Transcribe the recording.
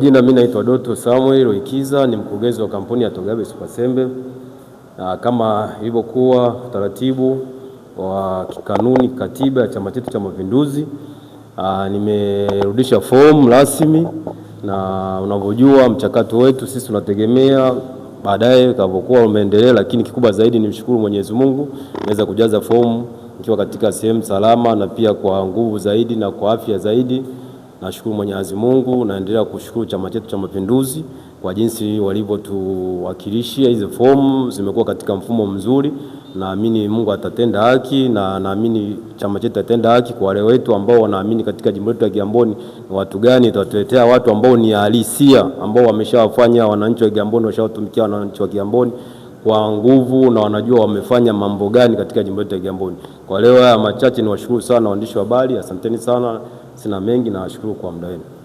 Jina mimi naitwa Doto Samuel Loikiza, ni mkurugenzi wa kampuni ya Togabe Supasembe, na kama ilivyokuwa utaratibu wa kikanuni katiba ya chama chetu cha Mapinduzi, ah, nimerudisha fomu rasmi, na unavyojua mchakato wetu sisi tunategemea baadaye utakapokuwa umeendelea, lakini kikubwa zaidi ni mshukuru Mwenyezi Mungu, naweza kujaza fomu nikiwa katika sehemu salama na pia kwa nguvu zaidi na kwa afya zaidi. Nashukuru Mwenyezi Mungu, naendelea kushukuru chama chetu cha Mapinduzi kwa jinsi walivyotuwakilishia. Hizo fomu zimekuwa katika mfumo mzuri, naamini Mungu atatenda haki na naamini chama chetu atatenda haki kwa wale wetu ambao wanaamini katika jimbo letu la Kigamboni ni watu gani, tutatuletea watu ambao ni halisia, ambao wameshawafanya wananchi wa Kigamboni, washawatumikia wananchi wa Kigamboni kwa nguvu na wanajua wamefanya mambo gani katika jimbo letu la Kigamboni. Kwa leo haya machache, niwashukuru sana waandishi wa habari, asanteni sana. Sina mengi, nawashukuru kwa muda wenu.